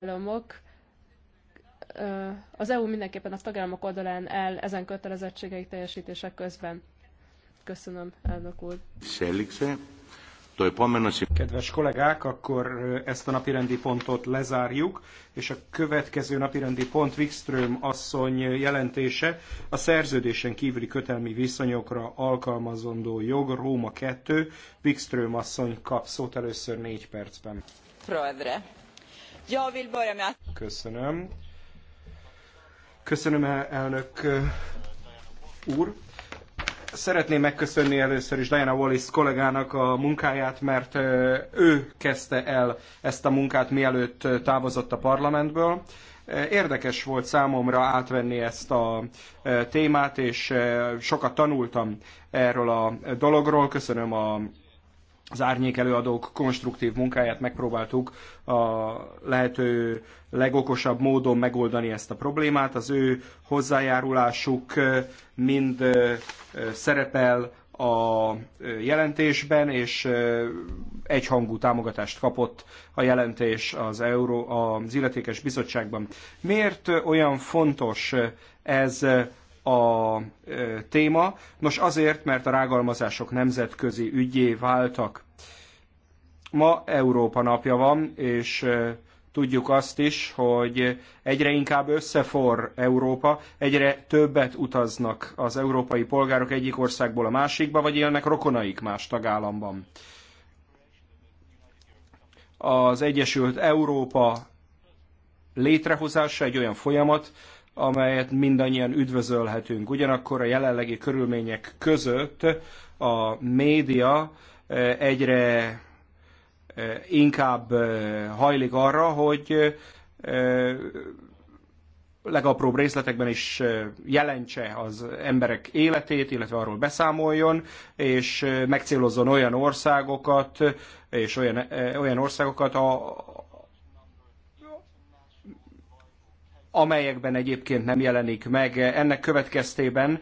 tagállamok, az EU mindenképpen a tagállamok oldalán el ezen kötelezettségei teljesítése közben. Köszönöm, elnök úr. Kedves kollégák, akkor ezt a napirendi pontot lezárjuk, és a következő napirendi pont Wikström asszony jelentése a szerződésen kívüli kötelmi viszonyokra alkalmazandó jog Róma 2. Wikström asszony kap szót először négy percben. Proedre. Jag vill börja med att... Köszönöm. Köszönöm, elnök úr. Szeretném megköszönni először is Diana Wallis kollégának a munkáját, mert ő kezdte el ezt a munkát, mielőtt távozott a parlamentből. Érdekes volt számomra átvenni ezt a témát, és sokat tanultam erről a dologról. Köszönöm a az árnyék előadók konstruktív munkáját megpróbáltuk a lehető legokosabb módon megoldani ezt a problémát. Az ő hozzájárulásuk mind szerepel a jelentésben, és egyhangú támogatást kapott a jelentés az, Euró, az illetékes bizottságban. Miért olyan fontos ez a téma. Nos, azért, mert a rágalmazások nemzetközi ügyé váltak. Ma Európa napja van, és tudjuk azt is, hogy egyre inkább összefor Európa, egyre többet utaznak az európai polgárok egyik országból a másikba, vagy élnek rokonaik más tagállamban. Az Egyesült Európa létrehozása egy olyan folyamat, amelyet mindannyian üdvözölhetünk. Ugyanakkor a jelenlegi körülmények között a média eh, egyre eh, inkább eh, hajlik arra, hogy legapróbb részletekben is jelentse az emberek életét, illetve arról beszámoljon, és megcélozzon olyan országokat, és olyan, olyan országokat, a, amelyekben egyébként nem jelenik meg. Ennek következtében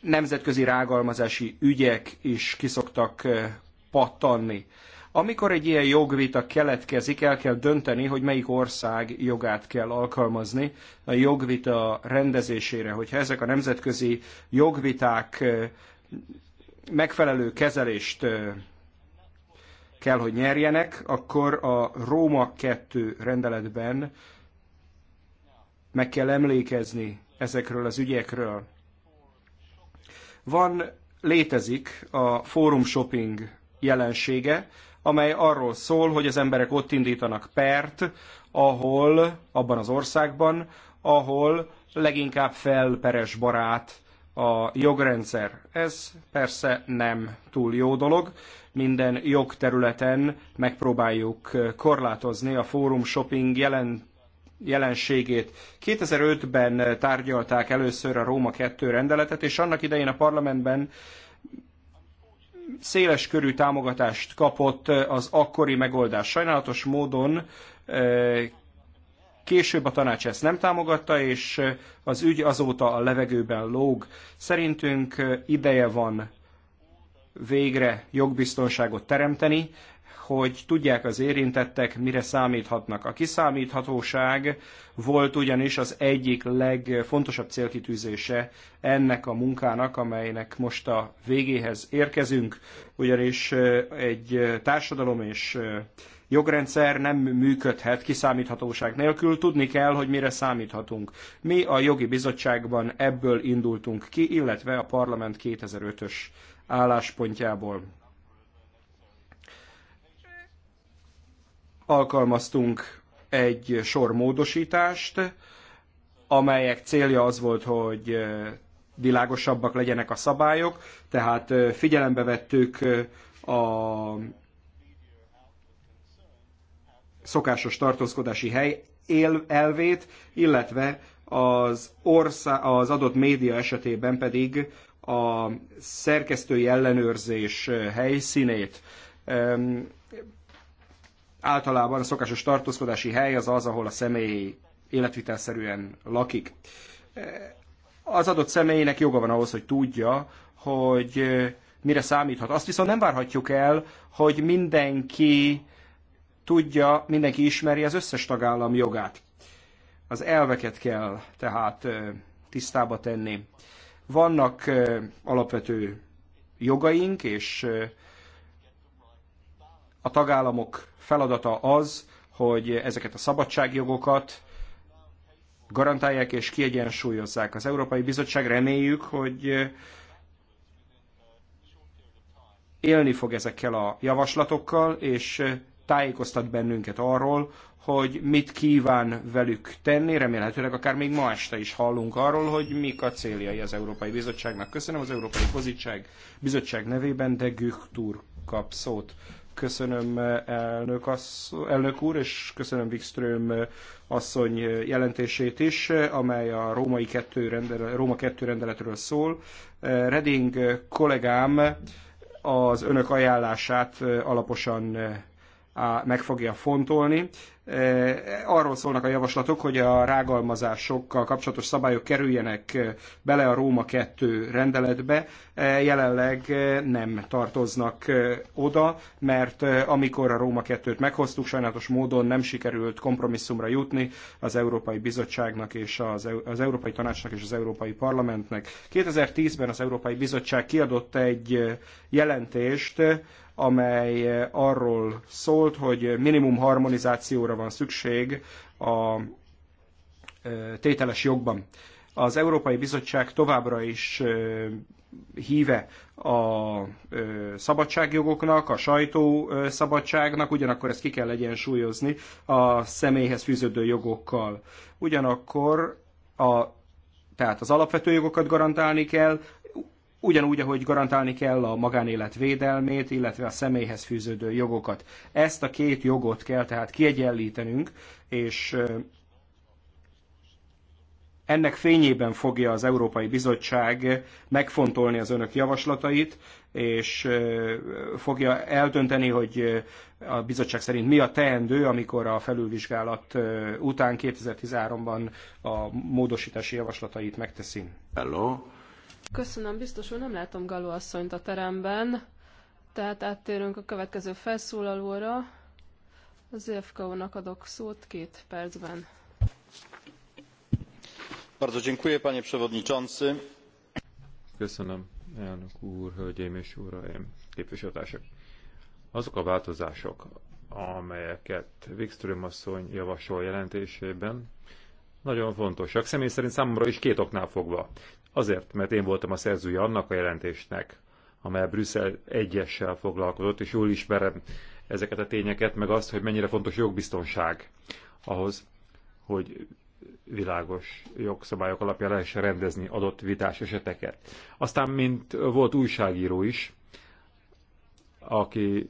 nemzetközi rágalmazási ügyek is kiszoktak eh, pattanni. Amikor egy ilyen jogvita keletkezik, el kell dönteni, hogy melyik ország jogát kell alkalmazni a jogvita rendezésére. Hogyha ezek a nemzetközi jogviták eh, megfelelő kezelést eh, kell, hogy nyerjenek, akkor a Róma 2 rendeletben meg kell emlékezni ezekről az ügyekről. Van, létezik a fórum shopping jelensége, amely arról szól, hogy az emberek ott indítanak pert, ahol, abban az országban, ahol leginkább felperes barát a jogrendszer. Ez persze nem túl jó dolog. Minden jogterületen megpróbáljuk korlátozni a fórum shopping jelent jelenségét. 2005-ben tárgyalták először a Róma 2 rendeletet, és annak idején a parlamentben széles körű támogatást kapott az akkori megoldás. Sajnálatos módon e, Később a tanács ezt nem támogatta, és az ügy azóta a levegőben lóg. Szerintünk ideje van végre jogbiztonságot teremteni, hogy tudják az érintettek, mire számíthatnak. A kiszámíthatóság volt ugyanis az egyik legfontosabb célkitűzése ennek a munkának, amelynek most a végéhez érkezünk, ugyanis egy társadalom és jogrendszer nem működhet kiszámíthatóság nélkül, tudni kell, hogy mire számíthatunk. Mi a jogi bizottságban ebből indultunk ki, illetve a parlament 2005-ös álláspontjából. alkalmaztunk egy sor módosítást, amelyek célja az volt, hogy eh, világosabbak legyenek a szabályok, tehát eh, figyelembe vettük eh, a szokásos tartózkodási hely elvét, illetve az, orszá, az adott média esetében pedig a szerkesztői ellenőrzés helyszínét. Általában a szokásos tartózkodási hely az az, ahol a személy életvitelszerűen lakik. Az adott személynek joga van ahhoz, hogy tudja, hogy mire számíthat. Azt viszont nem várhatjuk el, hogy mindenki tudja, mindenki ismeri az összes tagállam jogát. Az elveket kell tehát tisztába tenni. Vannak alapvető jogaink és a tagállamok feladata az, hogy ezeket a szabadságjogokat garantálják és kiegyensúlyozzák. Az Európai Bizottság reméljük, hogy élni fog ezekkel a javaslatokkal, és tájékoztat bennünket arról, hogy mit kíván velük tenni. Remélhetőleg akár még ma este is hallunk arról, hogy mik a céljai az Európai Bizottságnak. Köszönöm az Európai Bizottság, Bizottság nevében, de Güchtúr kap szót. Köszönöm elnök, assz, elnök úr, és köszönöm Wikström asszony jelentését is, amely a Római 2 rendelet, Róma 2 rendeletről szól. Reding kollégám az önök ajánlását alaposan meg fogja fontolni. Eh, arról szólnak a javaslatok, hogy a rágalmazásokkal kapcsolatos szabályok kerüljenek eh, bele a Róma 2 rendeletbe, eh, jelenleg nem tartoznak oda, mert amikor a Róma 2-t meghoztuk, sajnálatos módon nem sikerült kompromisszumra jutni az Európai Bizottságnak és az, az Európai Tanácsnak és az Európai Parlamentnek. 2010-ben az Európai Bizottság kiadott egy jelentést, amely eh, arról szólt, hogy minimum harmonizációra van szükség a eh, tételes jogban. Az Európai Bizottság továbbra is eh, híve a szabadságjogoknak, a sajtó szabadságnak, ugyanakkor ezt ki kell egyensúlyozni a személyhez fűződő jogokkal. Ugyanakkor a tehát az alapvető jogokat garantálni kell, ugyanúgy, ahogy garantálni kell a magánélet védelmét, illetve a személyhez fűződő jogokat. Ezt a két jogot kell tehát kiegyenlítenünk, és ennek fényében fogja az Európai Bizottság megfontolni az önök javaslatait, és fogja eldönteni, hogy a bizottság szerint mi a teendő, amikor a felülvizsgálat után 2013-ban a módosítási javaslatait megteszi. Hello. Köszönöm, biztos úr, nem látom Galó asszonyt a teremben, tehát áttérünk a következő felszólalóra. Az EFKO-nak adok szót két percben. Bardzo dziękuję, panie przewodniczący. Köszönöm, elnök úr, hölgyeim és uraim, képviselőtársak. Azok a változások, amelyeket Wikström asszony javasol jelentésében, nagyon fontosak. Személy szerint számomra is két oknál fogva. Azért, mert én voltam a szerzője annak a jelentésnek, amely Brüsszel egyessel foglalkozott, és jól ismerem ezeket a tényeket, meg azt, hogy mennyire fontos jogbiztonság ahhoz, hogy világos jogszabályok alapján lehessen rendezni adott vitás eseteket. Aztán, mint volt újságíró is, aki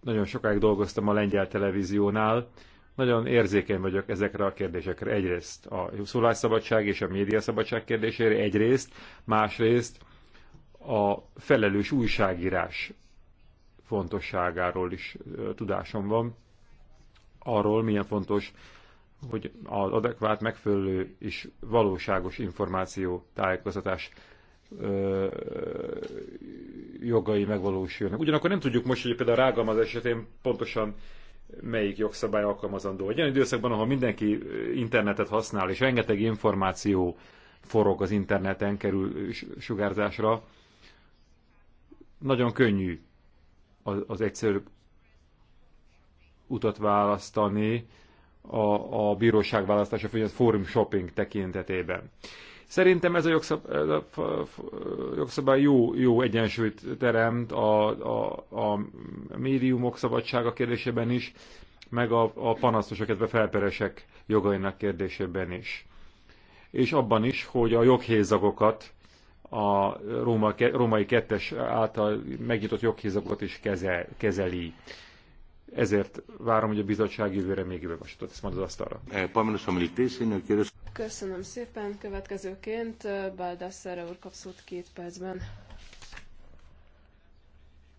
nagyon sokáig dolgoztam a lengyel televíziónál, nagyon érzékeny vagyok ezekre a kérdésekre. Egyrészt a szólásszabadság és a médiaszabadság kérdésére, egyrészt, másrészt a felelős újságírás fontosságáról is tudásom van, arról milyen fontos, hogy az adekvát, megfelelő és valóságos információ tájékoztatás jogai megvalósulnak. Ugyanakkor nem tudjuk most, hogy például a rágalmaz esetén pontosan melyik jogszabály alkalmazandó. Egy olyan időszakban, ahol mindenki internetet használ, és rengeteg információ forog az interneten, kerül sugárzásra, nagyon könnyű az, az egyszerűbb utat választani a, a bíróság választása, vagy a fórum shopping tekintetében. Szerintem ez a, jogszabály jó, jó egyensúlyt teremt a, a, a médiumok szabadsága kérdésében is, meg a, a panasztosok, illetve felperesek jogainak kérdésében is. És abban is, hogy a joghézagokat, a Róma, római kettes által megnyitott joghézagokat is kezel, kezeli. Ezért várom, hogy a bizottság jövőre még jövő vasatot, ezt majd az asztalra. Eh, Köszönöm szépen. Következőként Baldassare úr kap két percben.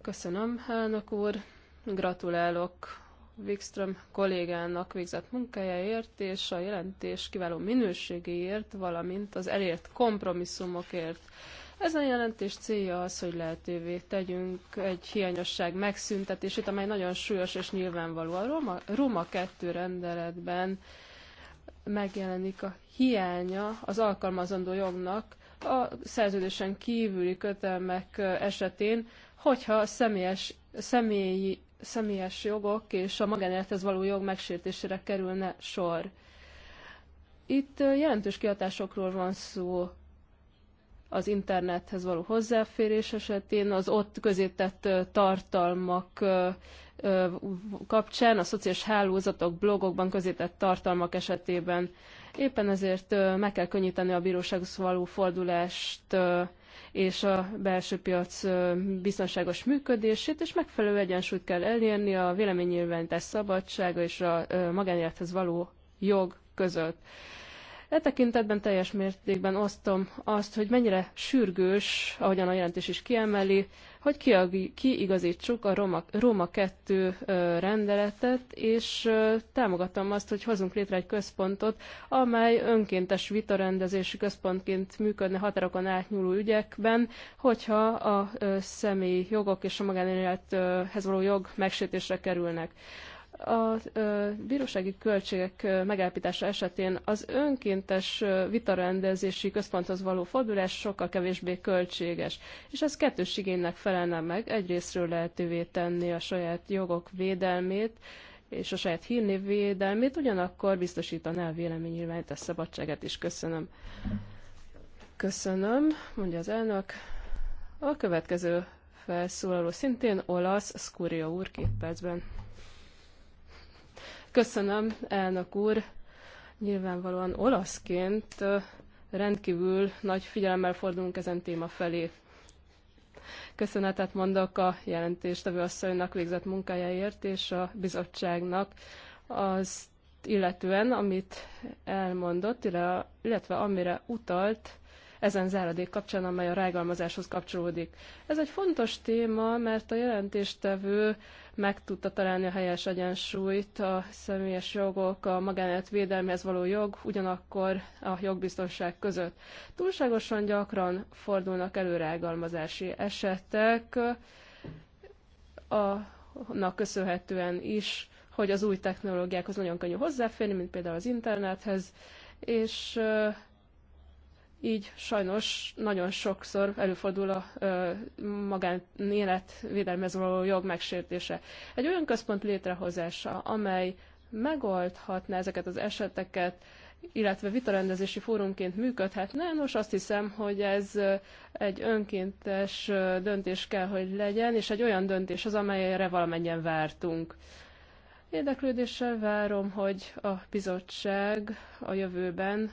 Köszönöm, elnök úr. Gratulálok Wikström kollégának végzett munkájáért és a jelentés kiváló minőségéért, valamint az elért kompromisszumokért. Ez a jelentés célja az, hogy lehetővé tegyünk egy hiányosság megszüntetését, amely nagyon súlyos és nyilvánvaló. A Róma, Róma 2 rendeletben megjelenik a hiánya az alkalmazandó jognak a szerződésen kívüli kötelmek esetén, hogyha a személyes, személyi, személyes jogok és a magánélethez való jog megsértésére kerülne sor. Itt jelentős kihatásokról van szó az internethez való hozzáférés esetén, az ott közétett tartalmak kapcsán, a szociális hálózatok, blogokban közétett tartalmak esetében. Éppen ezért meg kell könnyíteni a bírósághoz való fordulást és a belső piac biztonságos működését, és megfelelő egyensúlyt kell elérni a véleménynyilvánítás szabadsága és a magánélethez való jog között. E tekintetben teljes mértékben osztom azt, hogy mennyire sürgős, ahogyan a jelentés is kiemeli, hogy kiigazítsuk a Roma, Róma 2 rendeletet, és támogatom azt, hogy hozunk létre egy központot, amely önkéntes vitarendezési központként működne határokon átnyúló ügyekben, hogyha a személyi jogok és a magánélethez való jog megsértésre kerülnek a bírósági költségek megállapítása esetén az önkéntes vitarendezési központhoz való fordulás sokkal kevésbé költséges, és ez kettős igénynek felelne meg, egyrésztről lehetővé tenni a saját jogok védelmét, és a saját hírnév védelmét, ugyanakkor biztosítaná a a szabadságát is. Köszönöm. Köszönöm, mondja az elnök. A következő felszólaló szintén olasz, Skurio úr két percben. Köszönöm, elnök úr. Nyilvánvalóan olaszként rendkívül nagy figyelemmel fordulunk ezen téma felé. Köszönetet mondok a jelentéstevő asszonynak végzett munkájáért és a bizottságnak az illetően, amit elmondott, illetve amire utalt, ezen záradék kapcsán, amely a rágalmazáshoz kapcsolódik. Ez egy fontos téma, mert a jelentéstevő meg tudta találni a helyes egyensúlyt a személyes jogok, a magánélet védelmihez való jog, ugyanakkor a jogbiztonság között. Túlságosan gyakran fordulnak elő rágalmazási esetek, annak köszönhetően is, hogy az új technológiákhoz nagyon könnyű hozzáférni, mint például az internethez, és így sajnos nagyon sokszor előfordul a magánélet védelmez való jog megsértése. Egy olyan központ létrehozása, amely megoldhatná ezeket az eseteket, illetve vitarendezési fórumként működhetne. Nos, azt hiszem, hogy ez egy önkéntes döntés kell, hogy legyen, és egy olyan döntés az, amelyre valamennyien vártunk. Érdeklődéssel várom, hogy a bizottság a jövőben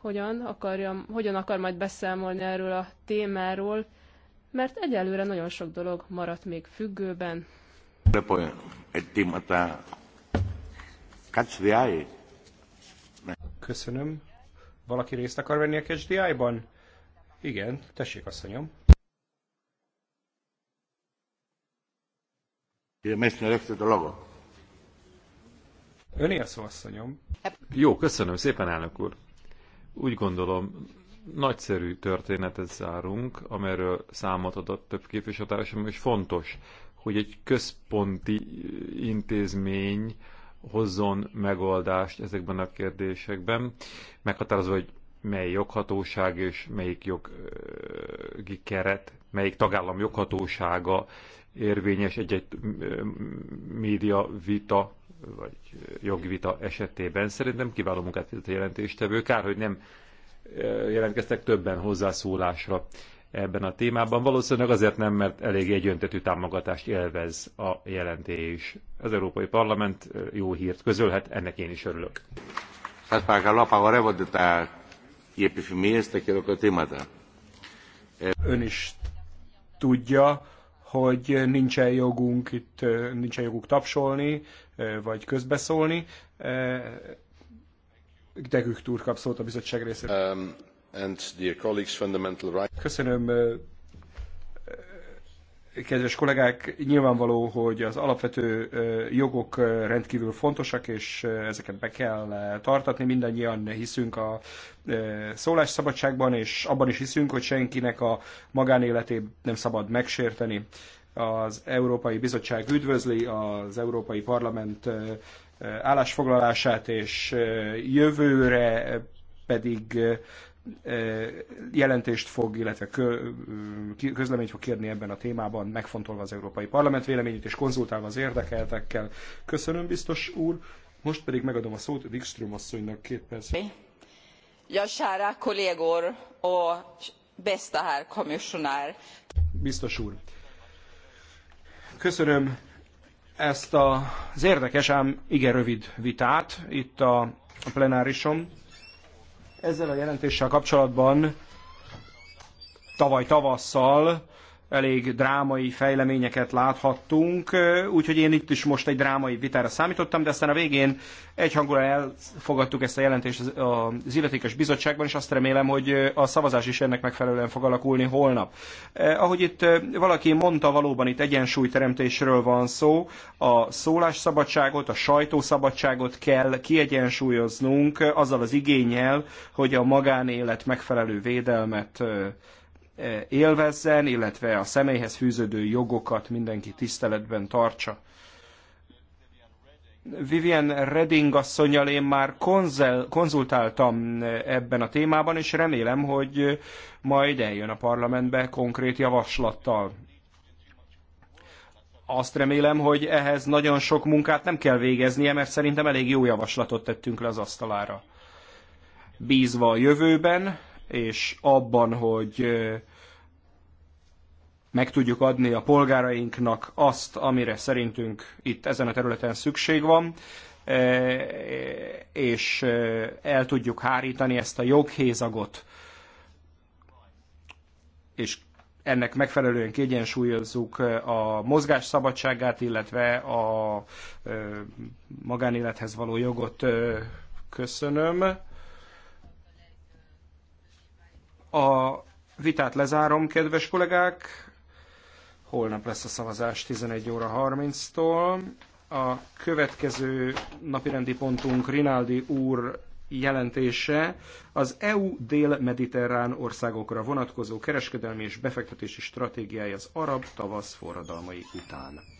hogyan, akarja, hogyan akar majd beszámolni erről a témáról, mert egyelőre nagyon sok dolog maradt még függőben. E. Köszönöm. Valaki részt akar venni a KSDI-ban? Igen, tessék asszonyom. Öné a szó, asszonyom. Jó, köszönöm szépen, elnök úr. Úgy gondolom, nagyszerű történetet zárunk, amelyről számot adott több képviselőtársam, és fontos, hogy egy központi intézmény hozzon megoldást ezekben a kérdésekben, meghatározva, hogy mely joghatóság és melyik jogi keret, melyik tagállam joghatósága érvényes egy-egy média vita vagy jogvita esetében. Szerintem kiváló munkát végzett a jelentéstevő. Kár, hogy nem jelentkeztek többen hozzászólásra ebben a témában. Valószínűleg azért nem, mert elég egyöntetű támogatást élvez a jelentés. Az Európai Parlament jó hírt közölhet, ennek én is örülök. Σας παρακαλώ απαγορεύονται τα, οι επιφημίες, τα χειροκροτήματα. Ön is tudja, hogy nincsen jogunk itt, nincsen joguk tapsolni, vagy közbeszólni. De Güktúr kap szót a bizottság részéről. Um, and dear colleagues, fundamental right... Köszönöm, kedves kollégák, nyilvánvaló, hogy az alapvető jogok rendkívül fontosak, és ezeket be kell tartatni. Mindannyian hiszünk a szólásszabadságban, és abban is hiszünk, hogy senkinek a magánéletét nem szabad megsérteni. Az Európai Bizottság üdvözli az Európai Parlament állásfoglalását, és jövőre pedig jelentést fog, illetve közleményt fog kérni ebben a témában, megfontolva az Európai Parlament véleményét és konzultálva az érdekeltekkel. Köszönöm, biztos úr. Most pedig megadom a szót Wikström asszonynak két perc. Ja, sára kollégor, a bestahár komissionár. Biztos úr. Köszönöm ezt a, az érdekes, ám igen rövid vitát itt a, plenárisom. Ezzel a jelentéssel kapcsolatban tavaly tavasszal elég drámai fejleményeket láthattunk, úgyhogy én itt is most egy drámai vitára számítottam, de aztán a végén egyhangulan elfogadtuk ezt a jelentést az illetékes bizottságban, és azt remélem, hogy a szavazás is ennek megfelelően fog alakulni holnap. Ahogy itt valaki mondta, valóban itt egyensúlyteremtésről van szó, a szólásszabadságot, a sajtószabadságot kell kiegyensúlyoznunk azzal az igényel, hogy a magánélet megfelelő védelmet élvezzen, illetve a személyhez fűződő jogokat mindenki tiszteletben tartsa. Vivian Redding asszonyjal én már konzel, konzultáltam ebben a témában, és remélem, hogy majd eljön a parlamentbe konkrét javaslattal. Azt remélem, hogy ehhez nagyon sok munkát nem kell végeznie, mert szerintem elég jó javaslatot tettünk le az asztalára. Bízva a jövőben, és abban, hogy meg tudjuk adni a polgárainknak azt, amire szerintünk itt ezen a területen szükség van, és el tudjuk hárítani ezt a joghézagot, és ennek megfelelően kiegyensúlyozzuk a mozgás szabadságát, illetve a magánélethez való jogot. Köszönöm. A vitát lezárom, kedves kollégák. Holnap lesz a szavazás 11 óra 30-tól. A következő napirendi pontunk Rinaldi úr jelentése az EU dél-mediterrán országokra vonatkozó kereskedelmi és befektetési stratégiája az arab tavasz forradalmai után.